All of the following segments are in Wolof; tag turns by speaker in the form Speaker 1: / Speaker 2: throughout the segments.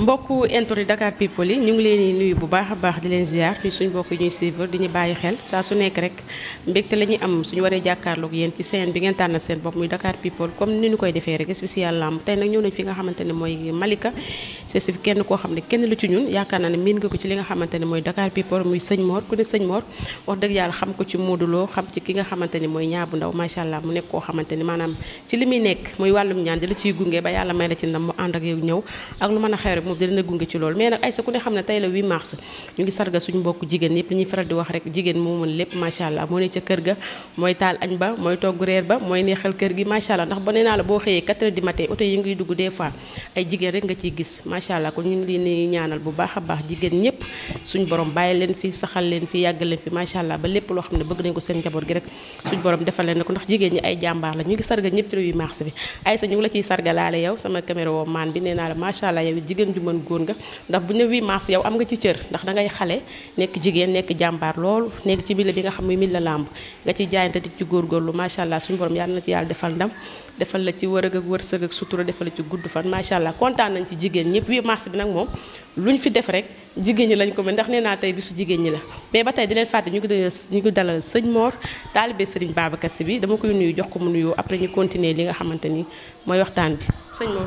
Speaker 1: mbokk intrant Dakar people yi ñu ngi leen di nuyu bu baax a baax di leen ziar ñun suñu mbokk yi ñuy suivre di ñu bàyyi xel saa su nekk rek mbégte la ñuy am suñu waree jàkkaarloog yéen ci seen bi ngeen tànn seen bopp muy Dakar people comme ni ñu koy defee rek spécial lamb tey nag ñëw ne mooy Malika si kenn koo xam ne kenn lu ci ñun yaakaar naa ne miin nga ko ci li nga xamante ne mooy Dakar people muy sëñ Mor ku ne sëñ Mor wax dëgg yàlla xam ko ci moo Lo xam ci ki nga xamante ne mooy ñaabu ndaw macha allah mu nekk koo xamante ne maanaam li muy nekk muy wàllum ñaan di la gunge ba yàlla may la ci a moom dina la gunge ñu ngi ñaanal bu baax baax jigéen ñëpp suñu borom bàyyi leen fi saxal leen fi yàggal leen fi macha allah ba lépp loo xam ne bëgg nañ ko seen njaboot gi rek suñu borom defal leen ko ndax jigéen ñi ay jàmbaar la ñu ngi sarga ñëpp ci 8 mars bi ay ñu ngi la ciy sarga laale yow sama caméra wo maan bi nee la macha allah yow jigéen jigéen ju mën góor nga ndax bu ne 8 mars yow am nga ci cër ndax da ngay xale nekk jigéen nekk jàmbaar loolu nekk ci milieu bi nga xam muy milieu làmb nga ci jaayante di ci góorgóorlu macha allah suñu borom yàlla na ci yàlla defal ndam defal la ci wërëg ak wërsëg ak sutura defal la ci gudd fan macha allah kontaan nañ ci jigéen ñëpp 8 mars bi nag moom luñ fi def ñi lañ ko mën ndax nee naa tey bisu jigéen ñi la mais ba tey di leen fàtte ñu ngi ñu ngi dalal sëñ Mor taalibe sëriñ Babacar bi dama koy nuyu jox ko mu nuyu après ñu continuer li nga xamante ni mooy waxtaan bi sëñ Mor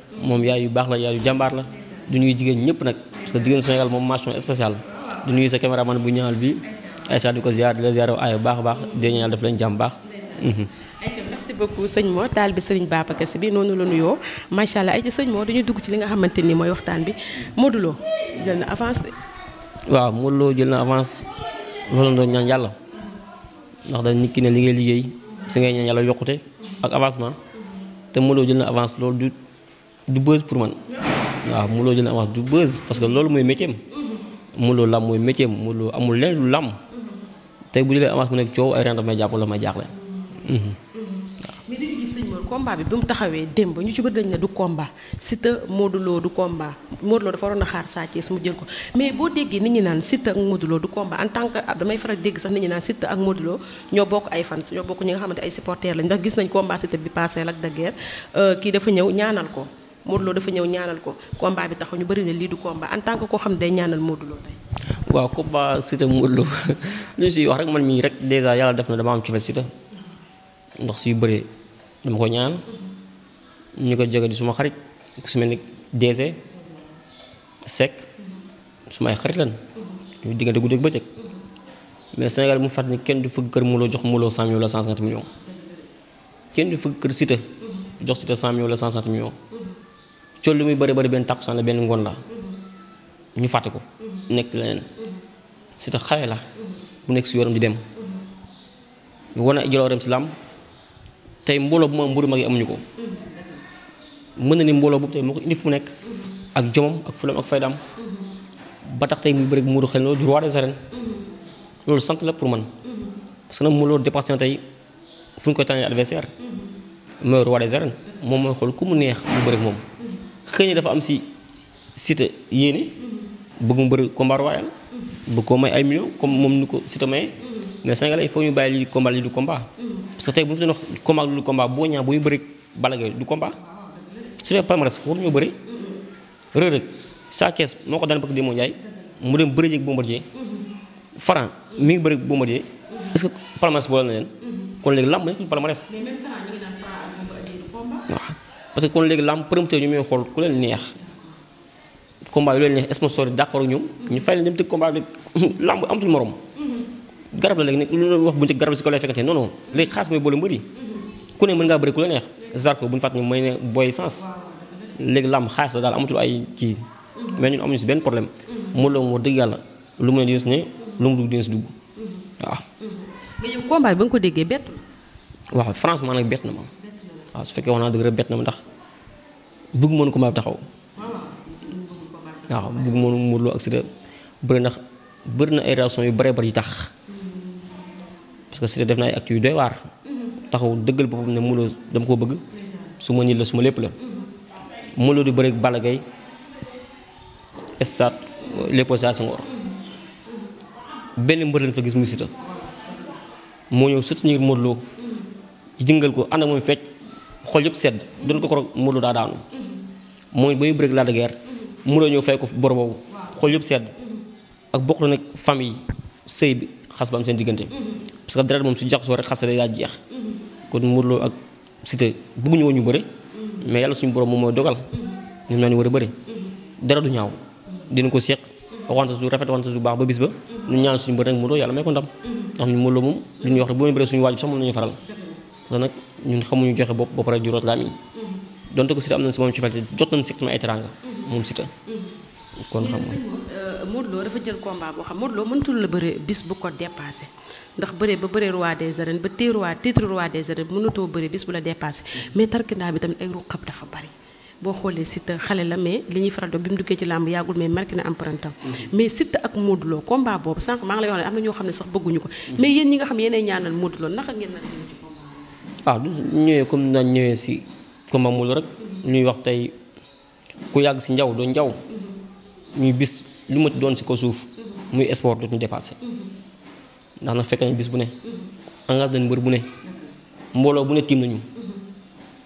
Speaker 2: moom yaay yu baax la yaay yu jàmbaar la du ñuy jigéen ñëpp nag parce que jigéen Sénégal moom mention spéciale du ñuy sa caméraman bu ñaawal bi ay bu a baax di ñaan daf leen jàmm baax. Mhm.
Speaker 1: ayca merci beaucoup sëñ Mor taal bi sëriñ Babacar Sy bi na avance de.
Speaker 2: waaw Modou Lo jël na avance loolu doon ñaan yàlla ndax dañ nit ki si ngay ñaan yàlla ak avancement te Modou Lo jël na avance loolu du buzz pour man waaw Modou Lo jël avance du buzz parce que loolu mooy métier am Modou Lo làmb mooy métier am Modou amul leneen lu làmb te bu jëlee avance bu nekk coow ay ren daf may jàpp la may jaaxle.
Speaker 1: waaw mais dañu taxawee démb ñu ci dañ ne du combat Siteu Modou Lo du combat Modou Lo dafa waroon a xaar Sa Thiès mu jël ko mais boo déggee nit ñi naan Siteu ak Modou Lo du combat en tant que ah, damay faral dégg sax nit ñi naan Siteu ak Modou Lo ñoo bokk ay fans ñoo bokk ñi nga xamante ay supporters lañ ndax gis nañ combat Siteu bi passé ak de guerre euh, kii dafa ñëw ñaanal ko. Modou Lo dafa ñëw ñaanal ko combat bi tax ñu bari na lii du combat en tant que koo xam ne day ñaanal Modou Lo tey.
Speaker 2: waaw combat Siteu Modou Lo lu ñu siy wax rek man mii rek dèjà yàlla def na dama am cofeel Siteu ndax suy bëree dama ko ñaan ñu ko jege di suma xarit ku si ni DG Seck sumay xarit lan ñu diggante guddi ak bëccëg mais Sénégal mu ni kenn du fëgg kër Modou jox Modou Lo 100 millions wala kenn du fëgg kër Siteu jox Siteu 100 millions wala 150 millions. col lu muy bari bari benn tàkkusaan la benn ngoon la ñu fàtte ko nekk leneen c'est xale la bu nekk si yoram di dem ñu wane jaloorem si lam tey mbooloo bu ma mburu mag yi amuñu ko mën na ni mbooloo bu tey moo ko indi fu mu nekk ak jomam ak fulam ak faydaam ba tax tey muy bëri muuru xel loolu du roi loolu sant la pour man parce que nag mu loolu dépassé tey fu ñu koy tànnee adversaire mooy roi des arènes moom mooy xool ku mu neex mu bëri moom xëy dafa am si Siteu yéene mm-hmm. bëgg mu bëri combat royal mm-hmm. bëgg koo may ay millions comme moom nu ko Siteu mayee mm-hmm. mais Sénégalais il faut ñu bàyyi lii combat lii du combat parce que tey bu ñu fi doon wax combat du combat boo bu ñu bëri Balla Gaye du combat ah, su dee palmarès war ñoo bëri Reug Reug Sa Thiès moo ko daan bëgg Demba Ndiaye mu dem bëri jéeg Bombardier Franc mi ngi bëri Bombardier est-ce que palmarès boole kon léegi làmb nekk palmarès parce que kon léegi lamb promoteur ñu muy xool ku leen neex combat yu ñu fay leen dem tëgg combat bi lamb amatul morom. garab la léegi wax bu ñu tëgg garab si ko lay fekkante ku ne mën ngaa bëri ku la neex zarko bu daal amatul ay kii mais ñun si benn problème mënuloo woon wax dëgg yàlla lu mu
Speaker 1: bi ko déggee bett.
Speaker 2: waaw franchement nag bett na ma. waaw su fekkee wax naa dëgg bett na ma ndax bëgg mënu ko ma taxaw waaw bëgg mënu Modou Lo ak Siteu bëri na bëri na ay réaction yu bare bari yu tax parce que Siteu def na ay actes yu waar taxaw dëggal boppam ne Modou Lo dama koo bëgg su ma nit la su ma lépp la Modou Lo di bëri ak Balla Gaye stade Léopold benn mbër lañ fa gis muy Siteu moo ñëw Siteu ñu Modou Lo jëngal ko ànd ak moom fecc xool yëpp sedd doon ko ko Modou Lo daa daanu mooy ba ñu bëreeg Lac de Guiers Modou ñëw fay ko bor boobu xol yëpp sedd ak bokk nag fami sëy bi xas ba am seen diggante parce que deret moom su jaxasoo rek xas day daa jeex kon Modou Lo ak Siteu bëgguñu woon ñu bëre mais yàlla suñu borom moom mooy dogal ñoom ñoo ñu war a bëre dara du ñaaw dina ko seq waxante su rafet waxante su baax ba bis ba ñu ñaan suñu bëre nag Modou Lo yàlla may ko ndam ndax lu ñuy wax rek boo ñu bëree suñu waaju sax moom la ñun xamuñu joxe bopp ba pare juróot laa miin mm-hmm. donte ko Siteu am nañ si moom ci fàtte jot nañ si tamit mm-hmm. mm-hmm. ay
Speaker 1: euh, dafa jël combat boo xam Modou Lo la bëre bis bu ko dépassé ndax bëre ba bëre roi des arènes ba téye roi des arènes mënatoo bëre bis bu la dépassé mais tarkindaa bi tamit ay ruqab dafa bari boo xoolee Siteu xale la mais li ñuy faral di bi mu duggee ci làmb yàggul mais marqué na empreinte am mais Siteu ak Modou Lo boobu sànq maa ngi lay xam ne sax
Speaker 2: bëgguñu ko mais
Speaker 1: yéen nga xam yéenay ñaanal Modou Lo naka ngeen na
Speaker 2: waa ah, du ñëwee comme daan ñëwee si comme amul rek ñuy wax tey ku yàgg si njaw doo njaw ñuy bis lu ma doon si ko suuf muy sport dootuñu dépassé ndax nag fekk nañ bis bu ne engagé nañ mbër bu ne mbooloo bu ne tiim nañu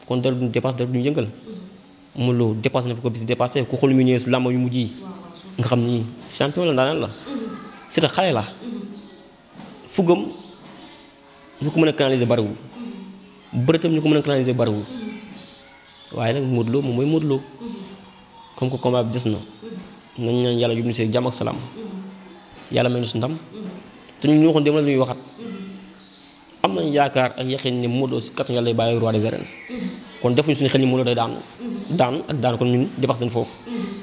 Speaker 2: kon dara duñu dépassé dara duñu yëngal mu loolu dépassé na fa ko bis dépassé ku xool mu ñëwee si làmb yu mujj yi nga xam ni champion la ndaanaan la c'est xale la fugam lu ko mën a canaliser bariwul bëreetam ñu ko mën na claniser bariwul waaye nag Modou Lo moom mooy Modou Lo comme que bi des na nañ ñaan yàlla yóbbu ñu see jàmm ak salaam yàlla may ñu su ndam te ñu ñu waxoon dem la waxat am nañu yaakaar ak yaqin ne Modou Lo si kattan yàlla lay bàyyi roi des arènes kon defuñu suñu xel ni Modou Lo day daanu daan ak daan kon ñun dépassé nañ foofu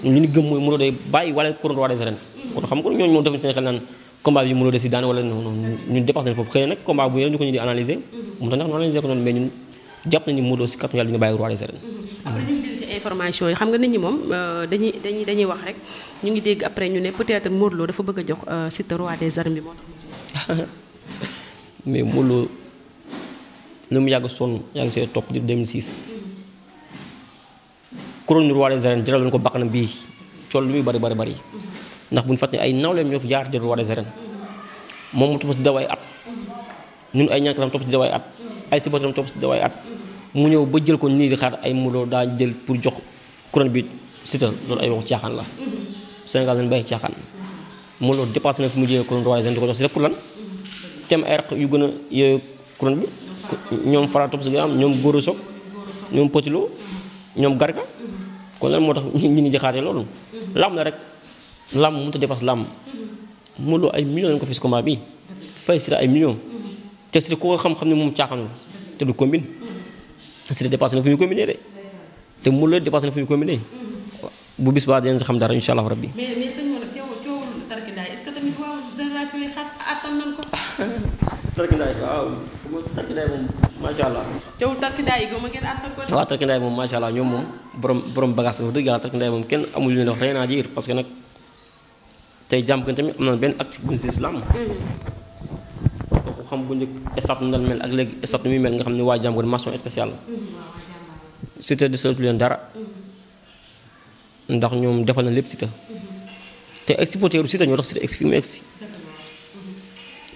Speaker 2: ñun li ñu gëm mooy Modou de day bàyyi wala couronne roi des arènes kon xam nga ñooñu moom defuñu seen xel combat bi mënoo des si daan wala non non ñun dépassé nañ foofu xëy na nag combat bu yeneen ñu ko ñu di analyser. Mhm. mu tax ñu si kàttan yàlla dina bàyyi roi des arènes.
Speaker 1: Mhm. information yi xam nga nit ñi moom euh, dañuy dañuy dañuy wax rek ñu ngi dégg après ñu ne peut-être Modou Lo dafa bëgg a jox euh, Siteu roi des arènes bi moo
Speaker 2: tax. mais Modou Lo lu mu yàgg sonn yàgg see topp di 2006. Mhm. couronne roi des arènes jëral ko bàq bii coono lu muy bari bari bari. ndax bu ñu fàtte ay nawleem ñoo fi jaar di roi des arènes moom mu topp si dawaay at ñun ay ñànkaram topp si dawaay at ay sibatam topp si dawaay at mu ñëw ba jël ko nii di xaar ay muloo daa jël pour jox couronne bi Siteu loolu ay waxu caaxaan la Sénégal dañ bàyyi caaxaan muloo dépassé na fi mu jëlee couronne roi des di ko jox si pour lan tem ay raq yu gën a yooyu couronne bi ñoom fara topp si ganaam ñoom góor soog ñoom potilo ñoom garga kon lan moo tax ñi ni di xaaree làmb mënut a dépasse làmb Modou Lo ay millions lañ ko fis combat bi fay Siteu ay millions te Siteu ku ko xam-xam ne moom caaxaan te du combine Siteu dépassé na fu ñu combiner de te Modou Lo dépassé na fu ñu combiner bu bis baa dinañ si xam dara insha allah rabbi tarkindaay waaw tarkindaay moom macha allah. moom ñoom moom borom borom bagage la wax dëgg yàlla tarkindaay moom kenn amul lu leen wax parce que nag. tey jàmm gën tamit am benn acte bu islam kooku xam bu njëkk état ak léegi état nu muy xam ne waa jàmm gën mention spéciale la mm-hmm. leen dara mm-hmm. ndax ñoom defal na lépp Siteu mm-hmm. te ay supporteru Siteu tax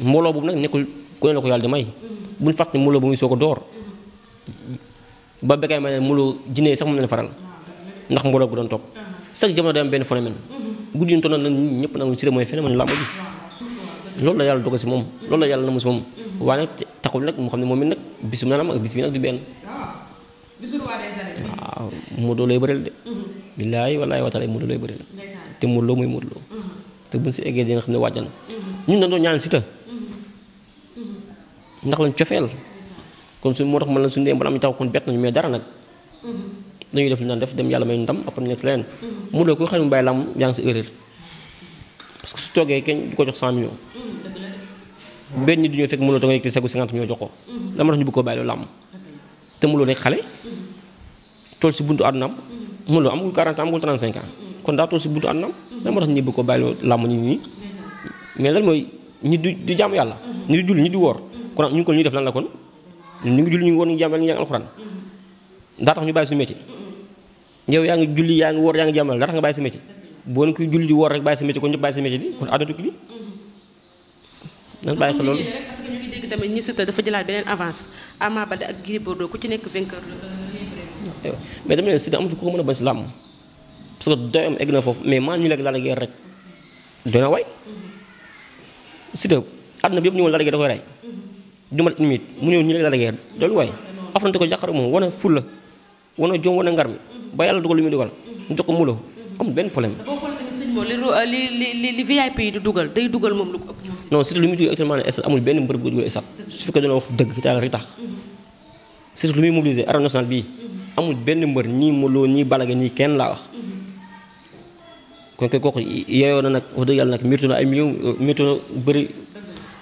Speaker 2: mbooloo boobu nag nekkul ku ne la ko yàlla di may buñ fàttali mbooloo bu muy soo a door ba bekkaay ma ne mbooloo jinne sax mu leen faral ndax mbooloo bu doon topp uh-huh. chaque jamono day benn phénomène guddi yu ñu toll nii ñëpp nangu Siteu mooy phénomène làmb ji loolu la yàlla dogg si moom loolu la yàlla na mu si moom waaye nag taxul nag mu xam ne moom it nag bisum naanam ak bis bi nag du benn waaw Modou Lo lay bëreel de billaay wallaay wataala Modou Lo lay xam ne wàjjan ñun dañ doon ñaan Siteu ndax lañ cofeel kon suñ taw kon bett nañu dara nag dañuy def li naan def dem yàlla may ndam après nekk leneen mu doo ko xam ne mu bàyyi làmb yaa ngi si erreur parce su toogee kenn du ko jox 100 millions benn nit du ñëw fekk mu loo da ngay ki ko dama ñu koo bàyyi loolu te mu loo nekk xale tool si buntu àddunaam mu loo amagul 40 ans amagul 35 ans kon daa tool si buntu àddunaam dama tax ñu bëgg ko bàyyi loolu làmb nit ñi mais lan mooy ñi du di jaamu yàlla ñi du julli ñi di woor kon ñu ko ñuy def lan la kon ñu ngi julli ñu ngi woor ngi daa yow yaa ngi julli yaa ngi woor yaa ngi jàmmal dara nga bàyyi sa métier boo leen koy julli di woor rek bàyyi sa métier kon ñëpp bàyyi sa métier bi kon àdduna
Speaker 1: ñi Siteu dafa jëlaat beneen avance Ama Baldé ak Gris Bordeaux ci nekk vainqueur
Speaker 2: la mais dama ko mën a bañ si làmm parce que doy am egg na foofu mais maa ñu lekk Lac de Guiers rek doy na way Siteu àdduna da koy rey du mat une mu ñëw ñu lekk Lac de Guiers doy way ko jàkkaarloo moom wane ful wana jom wana ngar ba yàlla dugal li muy dugal ñu jox ko muloo amul benn problème.
Speaker 1: Euh, li li li li VIP yi di dugal day dugal moom lu ko ëpp
Speaker 2: ñoom non surtout lu muy dugal actuellement ne stade amul benn amul benn mbër ñii muloo ñii balage ñii kenn laa wax mhm. kon kay kooku yeeyoo na nag nag mérite na ay millions na bëri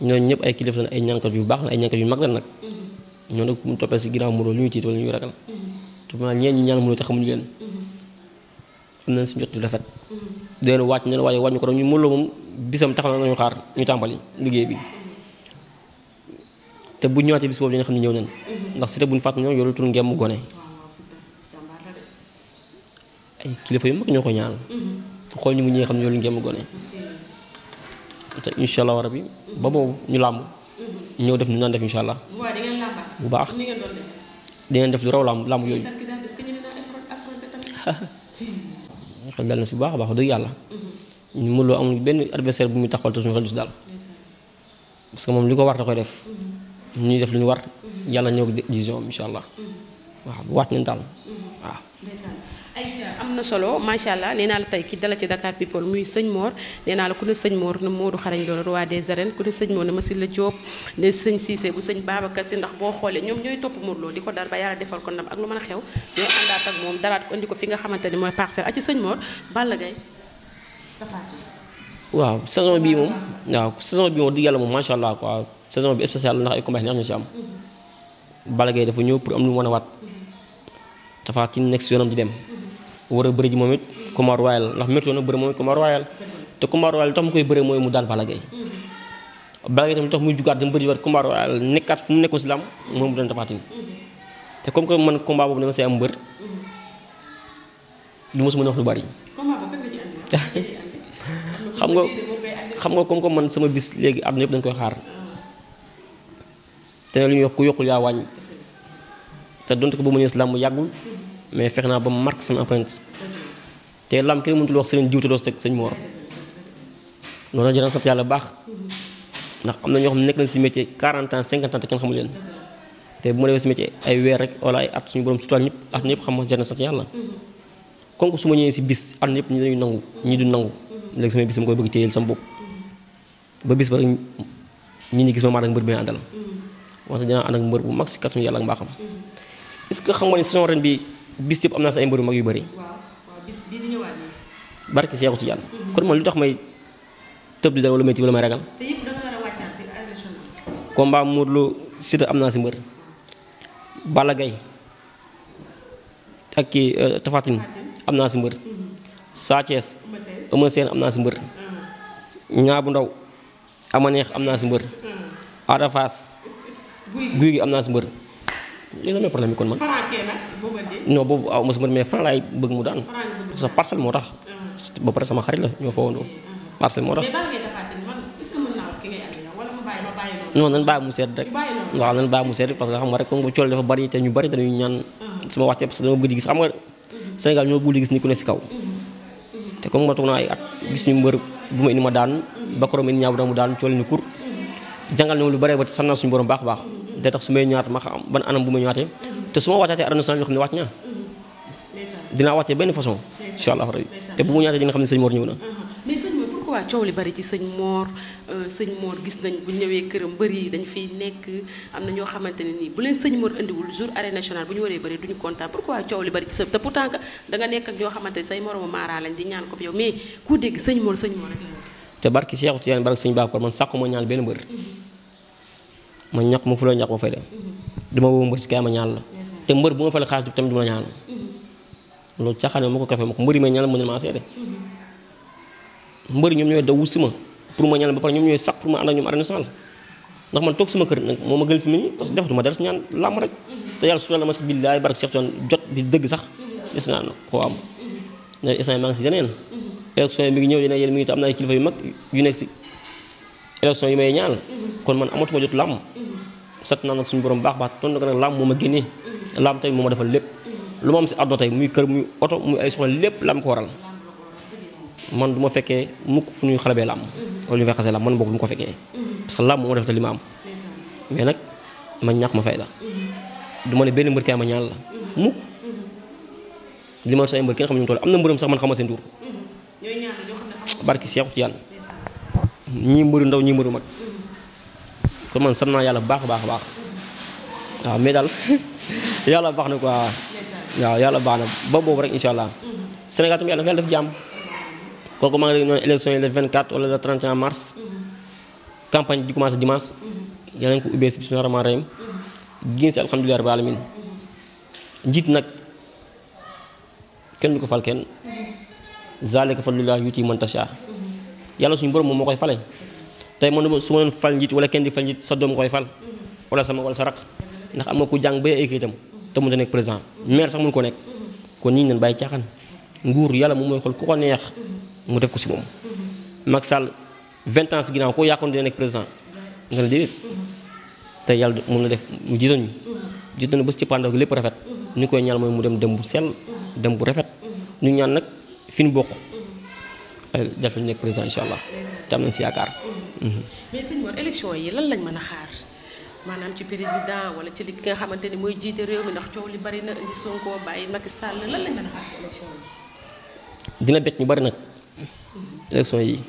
Speaker 2: ñooñu ñëpp ay kilifa ay ñànkat yu baax la ay ñànkat mag la nag ñoo nag mu toppee si ginnaaw Modou ñu tiit wala ñu ragal tuma ñeen ñi ñaan Modou Lo te si jot yu rafet deen wàcc neen waaye ko ñu Modou bisam taxaw na xaar ñu tàmbali liggéey bi te bu ñëwaatee bis boobu dina xam ne ñëw nañ ndax si te buñ fàttali ñoom yoolu tun ngemm ay kilifa yu mag ñoo ko ñaanal mm-hmm. xool ñu mu ñi xam ne yoolu ngemm gone te incha allah ba boobu ñu làmb mm-hmm. ñëw def ñu naan def incha allah. bu baax di ngeen def lu raw làmb làmb yooyu. xel dal na si baax a baax dëgg yàlla. Mm-hmm. ñu mënuloo amul benn adversaire bu muy taxawal te suñu xel du si daal. parce moom li ko war da koy def. Mm-hmm. ñuy def lu ñu war. yàlla ñëw décision am incha allah. waaw waat nañ daal.
Speaker 1: na solo macha allah nee la tey kii dala ci Dakar People muy sëñ Mor nee naa la ku ne sëñ Mor na Modou Xarañ Lo roi des arènes ku ne sëñ Mor na Massila Diop ne sëñ Cissé bu sëñ Babacar si ndax boo xoolee ñoom ñooy topp Modou Lo di ko dar ba yàlla defal ko ndam ak lu mën a xew ñooy àndaat ak moom daraat ko indi ko fi nga xamante ne mooy parcelle ak ci sëñ Mor Balla Gaye
Speaker 2: waaw saison bii moom waaw saison bii moom di yàlla moom macha allah quoi saison bi spéciale ay combat neex ñu ci am mhm. Balla Gaye ñëw pour am lu mu di dem war a bëri ji moom it combat royal ndax météo a bëri moom it combat royal te combat royal li tax mu koy bëree mooy mu daan Balla Gaye mhm. Balla Gaye tax muy jugaat dama bëri war nekkaat fu mu nekkoon si lam moom mu doon Tapha mhm. te comme que man combat boobu dama mhm. nga xam nga comme que man sama bis léegi àdduna yëpp dañ koy xaar ah. te lu ñuy wax ku yokkul yaa wàññ te donte ko ba mu nees làmb yàggul mais fexe naa ba mu marqué sama empreinte te lam kenn mënutul wax sëriñ diw te doo moo sëñ Mor loolu dina sant yàlla baax ndax am na ñoo xam ne nekk nañ si métier 40 ans 50 ans te kenn xamul leen te bu ma defee si métier ay weer rek wala ay at suñu borom sutural ñëpp at ñëpp xam nga jar na sant yàlla kon su ma ñëwee si bis at yëpp ñi dañuy nangu ñii du nangu léegi sama bis sama koy bëgg téyel sama bopp ba bis ba rek ñi ñi gis ma maa ak mbër bi may àndal mm-hmm. wante dinaa bu mag si kàttanu yàlla bis yëpp am naa sa ay mbëru mag yu bëri. barke Seexu Tijaan kon man lu tax may tëb di dal wala métti wala may ragal.
Speaker 1: te yëpp da nga war
Speaker 2: am naa si mbër. balagay Gaye ak kii euh, Tapha am naa si mbër. Sa Thiès Eumeu Sène am naa si mbër. ñaa bu ndaw amaneex am naa si mbër. Hmm. Ada Fass guy gi am naa si mbër. léegi lan problème bi kon man. non boobu aw ah, ma sa mbër mais franc laay bëgg mu daan. parce que moo tax. ba pare sama xarit la ñoo fa woon parcelle moo tax. non nan bàyyi mu seet rek waaw nan bàyyi mu sedd parce que xam rek comme bu dafa bari te ñu bari dañuy ñaan uh-huh. su ma waxtee parce que dama bëgg di gis xam nga uh-huh. Sénégal ñoo bëgg di gis ni ku ne si kaw uh-huh. te comme ma toog naa at gis ñu mbër bu ma indi ma daan bakoroom indi ñaaw bu mu daan coole ni kur jàngal na lu bari ba sant naa suñu borom baax baax day tax su may ñaata ma xam ban anam bu may ñaatee te su ma wàccaatee arène nationale ñu xam ne wàcc naa dinaa wàccee benn façon incha allah rabi te bu mu ñaatee dina xam ne sëñ Mor ñëw na
Speaker 1: mm-hmm. mais sëñ Mor coow li bari ci sëñ Mor euh, sëñ Mor gis nañ bu ñëwee këram bëri yi dañ fiy nekk am na ñoo xamante ne nii bu leen sëñ Mor indiwul jour arène nationale bu ñu waree bëri duñu kontaan pourquoi coow li bari ci sa te pourtant que da nekk ak ñoo xamante ne say moromu maara lañ di ñaan ko yow mais ku dégg sëñ Mor sëñ Mor rek
Speaker 2: te barki Seexu te barki sëñ Babacar man sàkku ma ñaan benn mbër mm-hmm. ma ñaq ma fu la ñaq ma fay dem mm-hmm. dama woo mbër si kaay ma ñaan la te mbër bu ma fale xaalis di tamit du ma la loolu caaxaan ma ko kafe ma ko mbër yi may ñaanal mën na maa seede mbër ñoom ñooy daw wusi ma pour ma ñaanal ba pare ñoom ñooy sax pour ma ànd ak ñoom arène nationale ndax man moo ma gën fi nii parce que defatuma dara si ñaan làmb rek te yàlla su la mas billaay barke Cheikh Tidiane jot bi dëgg sax des koo am da instant si yeneen élection yi mi ñëw dina yéen mi ngi te am na yu mag yu yi may ñaanal kon man amatuma jot làmb sat naa nag suñu borom baax baax toon na ko nag làmb moo ma génnee lamb tey moo ma defal lépp lu ma am si àdduna tey muy kër muy oto muy ay soxla lépp lamb ko waral man du ma fekkee mukk fu ñuy xalabee làmb wala ñu fay xasee làmb man boog du ma ko fekkee parce que làmb moo ma defal li ma am mais nag ma ñàkk ma fay la du ma ne benn ma ñaan la mukk li ma say am na mbërëm sax xama seen tur barki seexu ci ñii mbëru ndaw ñii mbëru mag kon man sant naa yàlla baax baax baax waaw mais daal yàlla baax na quoi waaw yàlla ba boobu rek incha allah mhm. Sénégal tamit yàlla na fa def jàmm kooku maa ngi noonu élection yi le 24 wala le 31 mars mhm. campagne di commencé dimanche mhm. yàlla nañ ko ubbee si nag kenn du ko fal kenn zalika fadlullah yuti man tasha yàlla suñu borom moom moo koy fale tey man su ma doon fal njiit wala kenn di fal njiit sa doom koy fal wala sama wala sa raq ndax am nga ku jàng ba ay itam te mënut a nekk président maire sax mënu ko nekk kon ñi ñu leen bàyyi caaxaan nguur yàlla moom mooy xool ku ko neex mu def ko si moom. Macky Sall 20 ans si ginnaaw koo yàqoon dina nekk président nga ne déedéet te yàlla moom la def mu jiitoon ñu jiitoon na bés ci pàndaw gi lépp rafet ñu koy ñaan mooy mu dem dem bu sel dem bu rafet ñu ñaan nag fi ñu bokk. Euh, def la ñu nekk président incha allah te nañ si yaakaar.
Speaker 1: maanaam ci président wala ci li ki nga xamante ni mooy jiite réew mi ndax coow li bari na indi Sonko bàyyi Macky Sall lan a xaar élection
Speaker 2: dina bett ñu bari nag. élection yi.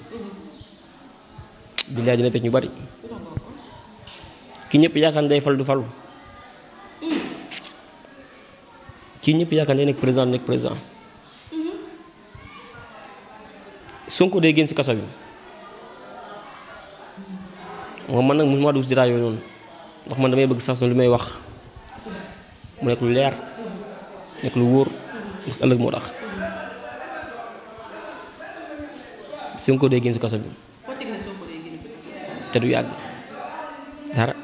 Speaker 2: billaay dina bett ñu bari. kii ñëpp yaakaar ne day fal du falu. ki ñëpp yaakaar ne day nekk président nekk président. Sonko day génn ci kaso bi. moom man nag mosuma dugg si jotaay yooyu noonu. ndax man damay bëgg sax lu may wax mu nekk lu leer nekk lu wóor ndax ëllëg moo tax su nga ko dee génn si kaso bi te du yàgg dara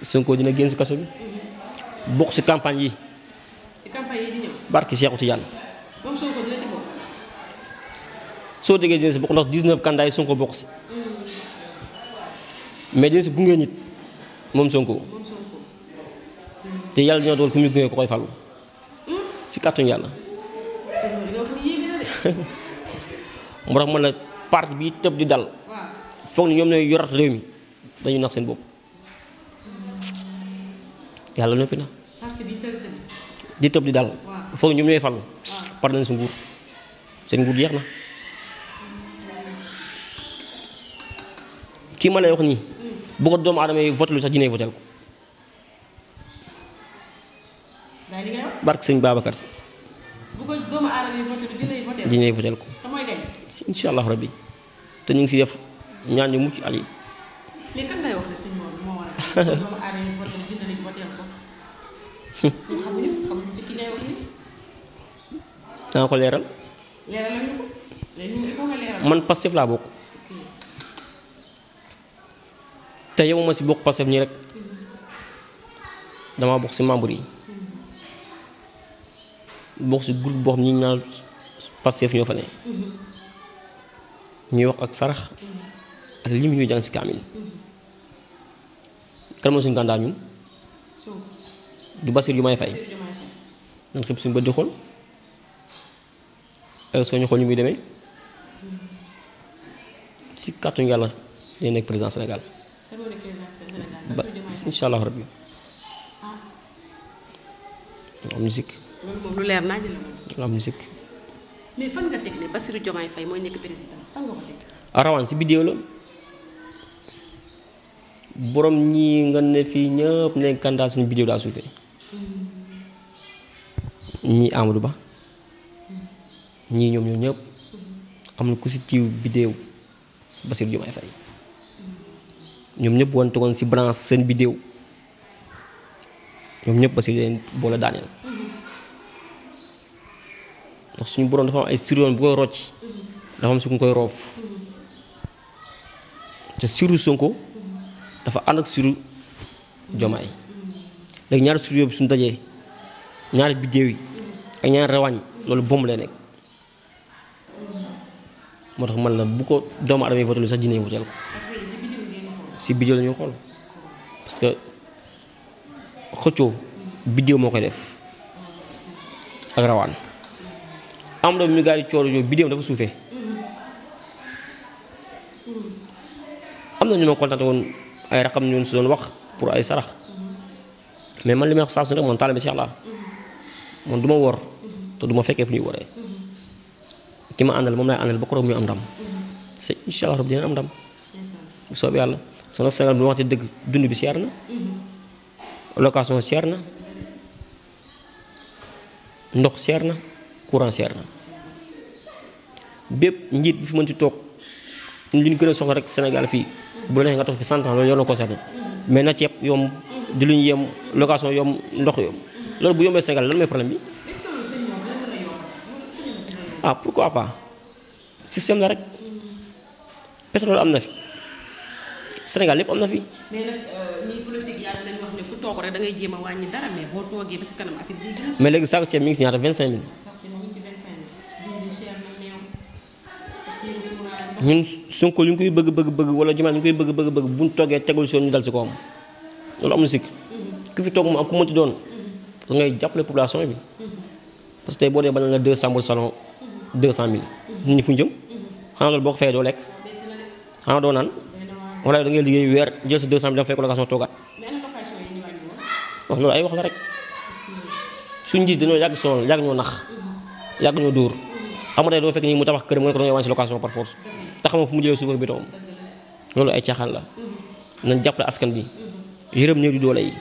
Speaker 2: Sonko dina génn si kaso bi mhm. bokk si campagne yi barki Seexu Tijaan soo déggee dina si bokk ndax 19 candidat yi bokk si mais dina si gunge nit moom Sonko te yàlla dina doon ku muy gunge ko koy falu si kàttuñ yàlla. moo tax man la parti bi tëb di dal foog ni ñoom ñooy yorat réew mi dañuy nax seen bopp yàlla noppi na. di tëb di dal foog ñoom ñooy falu par nañ si nguur seen nguur jeex na kii ma lay wax nii. bu ko doomu adama yi voté lu sax jinne voté ko. barke sëñ Babacar Si.
Speaker 1: bu ko doomu yi voté lu ko. te mooy gañ.
Speaker 2: incha te ñu ngi si def ñaan ñu mucc ali.
Speaker 1: yi voté lu jinne voté
Speaker 2: ko. leeral. man Pastef laa bokk. te yemuma si bokk Pastef ñi rek dama bokk si membre yi bokk si groupe boo xam ñi naan Pastef ñoo fa ne ñuy wax ak sarax ak lim ñuy jàng si kaamil kan mooy suñu ñun du Bassirou Diomaye Faye nan xib suñu bët di xool soo ñu xool ñu muy demee si kàttuñu yàlla day nekk président Sénégal
Speaker 3: ba incha allah
Speaker 2: rabbi am na sikk.
Speaker 1: loolu moom lu leer naa la.
Speaker 2: am na sikk. mais ah, si biddéew la borom ñii nga ne fii ñëpp nekk kandidat suñu biddéew daa suufee ñii Amadou Ba ñii ñoom ñoom ñëpp am na ku si tiiw biddéew Bassirou Diomaye Faye ñoom ñëpp wante woon si barance seen bidéew ñoom ñëpp ba si leen boole daaneel ndax suñu boroom dafa am ay siryoon bu koy rocc dafa am su koy roof te siru sunko dafa ànd ak siru Jomaay léegi ñaari siryoon bi suñu dajee ñaari bidéew yi ak ñaari rawaan loolu bomb lay nekk moo tax man la bu ko doom aadama yi voté sax jinne yi voteel ko si bidéo la ñuy xool parce xëccoo bidéo moo koy def ak rawaan am na ñu gars yi cooro ñoo bidéo dafa suufee am na ñu ma contacté woon ay raqam ñun si doon wax pour ay sarax mais man li may wax saa su rek man taalibe Cheikh laa man du ma wor te du ma fekkee fu ñuy waree ki ma àndal moom laay àndal ba koroog muy am ndam c'est am ndam bu soobee yàlla sama sagal bu waxte dëgg dund bi seer na location seer na ndox seer na courant seer na bépp njiit bi fi mën ci toog li ñu gën a soxla rek Sénégal fii bu la neexee nga toog fi cent ans loolu yow la concerné mais na ceeb yomb di lu ñu yem location yomb ndox yomb loolu bu yombee Sénégal lan mooy problème bi ah pourquoi pas système la rek pétrole am na fi Sénégal lépp am na fi.
Speaker 1: mais nag euh, ñi politique bi gën a. mais léegi
Speaker 2: saako ceeb mi ngi si ñaata 25000.
Speaker 1: saako ceeb mi ngi ci
Speaker 2: 25000. ñun koy bëgg bëgg bëgg wala Diomaye ñu koy bëgg bëgg bëgg bu ñu toogee tegul si yoon ñu dal si ko am loolu amul sikk mhm. ku fi toog mu am ku mënti doon mhm. da ngay jàppale population bi mhm. parce boo dee ba ne la 200 bu salon 200000 nit ñi fu ñu xanaa loolu boo ko fayee doo lekk xanaa doo naan on a da ngay liggéey weer jël sa 200 dem fay ko location toogaat. wax loolu ay wax la rek suñ njiit dañoo yàgg sonal yàgg ñoo nax yàgg ñoo dóor amu tey doo fekk ñi mu tabax kër mu ne ko da ngay wàññi si location par force te xamoo fu mu jëlee suufar bi tawam loolu ay caaxaan la nañ jàppale askan bi yërëm néew di doole yi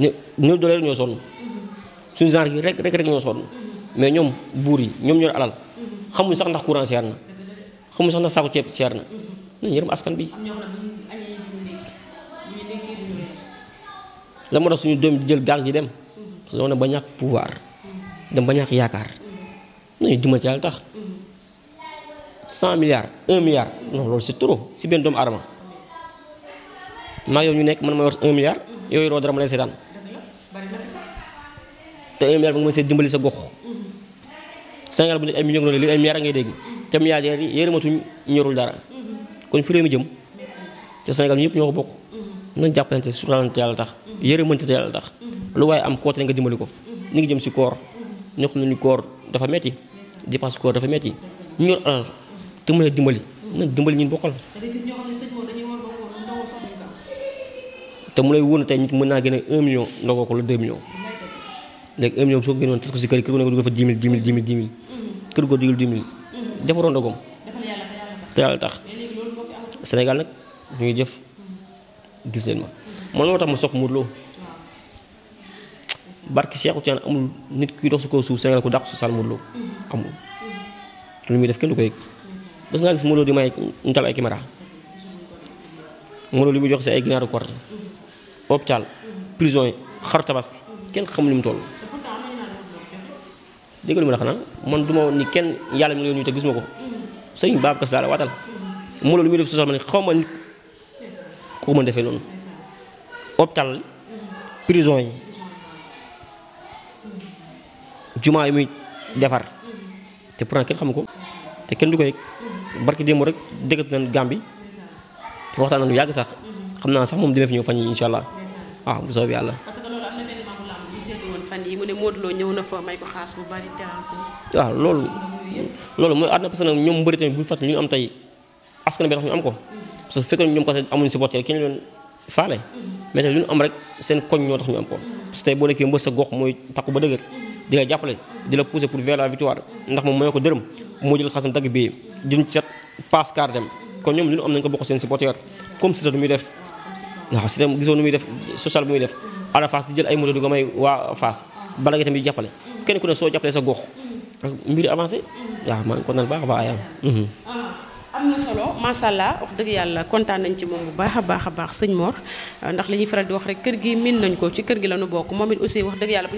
Speaker 2: néew néew doole ñoo sonn suñu genre yi rek rek rek ñoo sonn mais ñoom buur yi ñoom ñoo alal xamuñ sax ndax courant seer na xamuñ sax ndax saako ceeb na yërëm askan bi. la moo tax suñu doom jël gaal gi dem. su doon ba ñàkk pouvoir. dem ba ñàkk yaakaar. Mm-hmm. nañu dimbali ci yàlla tax. Mm-hmm. cent milliard mm-hmm. ñu nekk man ma yor un milliard. yooyu roo un milliard ba sa gox. Sénégal bu nekk ngay dégg. te milliardaires yi yërëmatuñ ñorul dara. kon fi réew mi jëm te Sénégal ñëpp ñoo ko bokk mm-hmm. nañ jàppalante suralante yàlla tax yëre mënte yàlla tax mm-hmm. lu waaye am koote nga dimbali ko ñu mm-hmm. ngi jëm si koor ñoo xam ni koor dafa metti dépense koor dafa metti ñu yor te mën dimbali nañ dimbali ñun bokkal te mu lay wóor nit mën naa gën a 1 million ndogoo ko la 2 millions léegi 1 million soo ko gënoon tas ko si kër kër go ne ko dugal fa 10 000 10 000 10 000 kër goo dugal 10 000 defaroon ndogom te yàlla tax Sénégal nag ñu ngi jëf gis leen ma man moo tax ma soog Modou Lo barki Seexu Tijaan amul nit kuy dox su ko suuf Sénégal ku dàq su saal Modou Lo amul lu muy def kenn du ko yëg bés ngaa gis Modou Lo di may ñu tal ay kimera Modou Lo li muy jox si ay ginaaru korte hôpital prison yi xaru tabaski kenn xamul li mu toll dégg lu ma la xanaa man duma ni kenn yàlla mi la yoon ñu te gisuma ko sëñ Babacar Sall waatal mu loolu muy def social ma ne xaw ma nit defee noonu hôpital prison yi jumaa yi muy defar te pourtant kenn ko te kenn du ko yëg barki démb rek dëggatu nañ Gàmbi waxtaan lu yàgg sax xam naa sax moom dina fi ñëw fan yi insha allah waaw bu soobee yàlla waaw loolu loolu mooy àdduna parce que nag ñoom mbëri tamit bu ñu fàttali ñu am tey askan bi tax ñu am ko parce que bu fekkee ñoom kese amuñu ñu doon am rek seen koñ ñoo tax ñu am ko parce que tey sa gox mooy takku ba dëgër di jàppale di la pousser pour vers la victoire moom mooy ko dërëm moo jël xasam bi duñ set passe quart dem kon ñoom lu ñu am nañu ko bokk seen supporter muy def waaw Siteu gisoo nu muy def social bu muy def Ada Fass jël ay moto di ko may waa Fass bala nga jàppale kenn ku ne soo jàppalee sa gox mbir avancé waaw maa ngi kontaan baax a baax
Speaker 1: am na solo macha allah wax dëgg yàlla kontaan nañ ci moom bu baax a baax a baax sëñ Mor euh, ndax li faral di wax rek kër gi miin nañ ko ci kër gi la bokk moom it aussi wax dëgg yàlla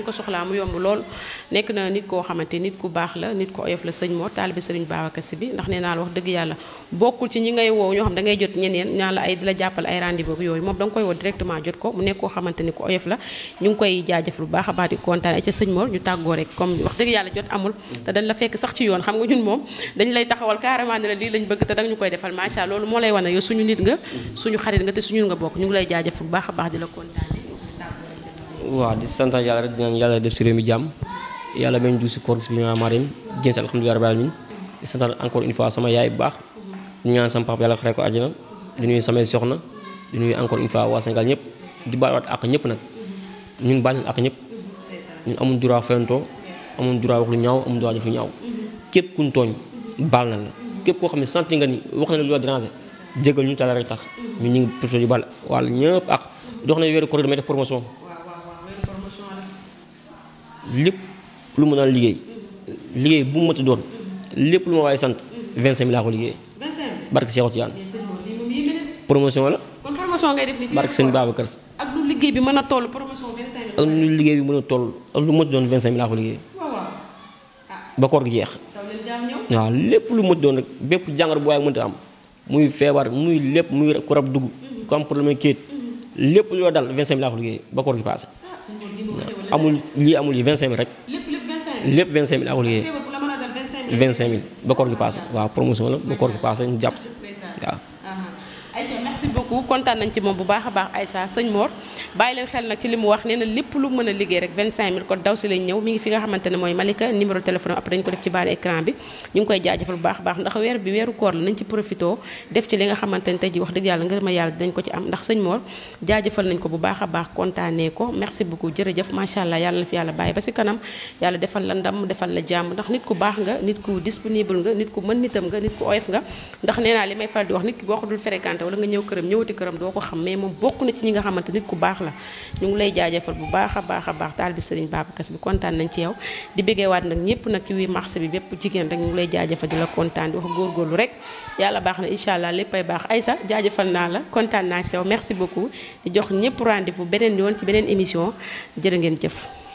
Speaker 1: na nit koo xamante nit ku la nit ku oyof la sëñ Mor taalibe sëriñ Babacar Sy bi ndax nee naa la wax dëgg yàlla bokkul ci ñi ngay woow ñoo xam da ngay jot ñeneen a baax di kontaan ca amul te dañ la fekk sax ci yoon xam nga ñun moom dañ lay taxawal carrément la lii lañ bëgg danga ñu koy defal macha loolu moo lay wane yow suñu nit nga suñu xarit nga te suñu nga bokk ñu ngi lay jaajëf bu baax a baax di la kontaane
Speaker 2: waaw di sant yàlla rek dinañ yàlla def si réew mi jàmm yàlla meñ ju si koor si bi ma marim génn si alhamdulilah rabbil alamin di sant encore sama yaay bu baax di ñaan sama papa yàlla xare ko àjjana di nuyu samay soxna di nuy encore une fois waa Sénégal ñëpp di baal waat ak ñëpp nag ñun baal nañ ak ñëpp ñun amul droit fayantoo amuñ droit wax lu ñaaw amuñ droit def lu ñaaw képp kuñ tooñ baal na la képp koo xam ne sant nga ni wax na lu la déranger jégal ñu tala rek tax ñu ñu ngi plutôt bal wàll ñëpp ak dox nañu weeru koor damay promotion lépp lu mu naan liggéey liggéey bu mu doon lépp lu ma waaye sant 25 laa ko liggéey bark Cheikh
Speaker 1: Tidiane promotion la promotion ngay def ni barke sëñ
Speaker 2: ak
Speaker 1: lu liggéey bi mën a toll promotion 25 ak
Speaker 2: lu liggéey bi mën a toll ak lu mënti doon 25 laa ko liggéey ba koor gi jeex waaw lépp lu mën doon rek bépp jàngoro bu waaye mënta am muy feebar muy lépp muy ku rab dugub ku am problème kéet lépp loo dal 25 laa ko liggéey ba koor gi paase
Speaker 3: ah, amul
Speaker 2: lii amul yi 25 000 rek
Speaker 1: lépp 25 000 laa ko liggéey 25
Speaker 2: 000 ba koor gi paase waaw promotion la ba koor gi paase ñu jàpp si waaw
Speaker 1: ayca merci beaucoup kontaan nañ ci moom bu baax a baax Aïssa sëñ Mor bàyyi leen xel nag ci li mu wax nee lépp lu mën a liggéey rek 25000 kon daw si lañ ñëw mi ngi fi nga xamante mooy Malika numéro téléphone après dañ ko def ci li nga xamante ne ji wax dëgg yàlla ngërëma yàlla ko ci am ndax sëñ Mor jaajëfal nañ ko bu baax a baax kontaanee ko merci beaucoup jërëjëf macha allah yàlla na fi yàlla bàyyi ba si kanam yàlla defal la ndam defal la jàmm ndax nit ku baax nga ñëw këram ñëwati këram doo ko xam mais moom bokk na ci ñi nga xamante nit ku baax la ñu ngi lay jaajafal bu baax a baax a baax taal bi Serigne Babacar Sy bi kontaan nañ ci yow di béggeewaat nag ñëpp nag ci 8 mars bi bépp jigéen rek ñu ngi lay jaajëfal di la kontaan di wax góorgóorlu rek yàlla baax na incha allah lépp ay baax Aïssa jaajafal naa la kontaan naa sew
Speaker 3: merci beaucoup di jox ñëpp rendez-vous beneen yoon ci beneen émission jërë ngeen jëf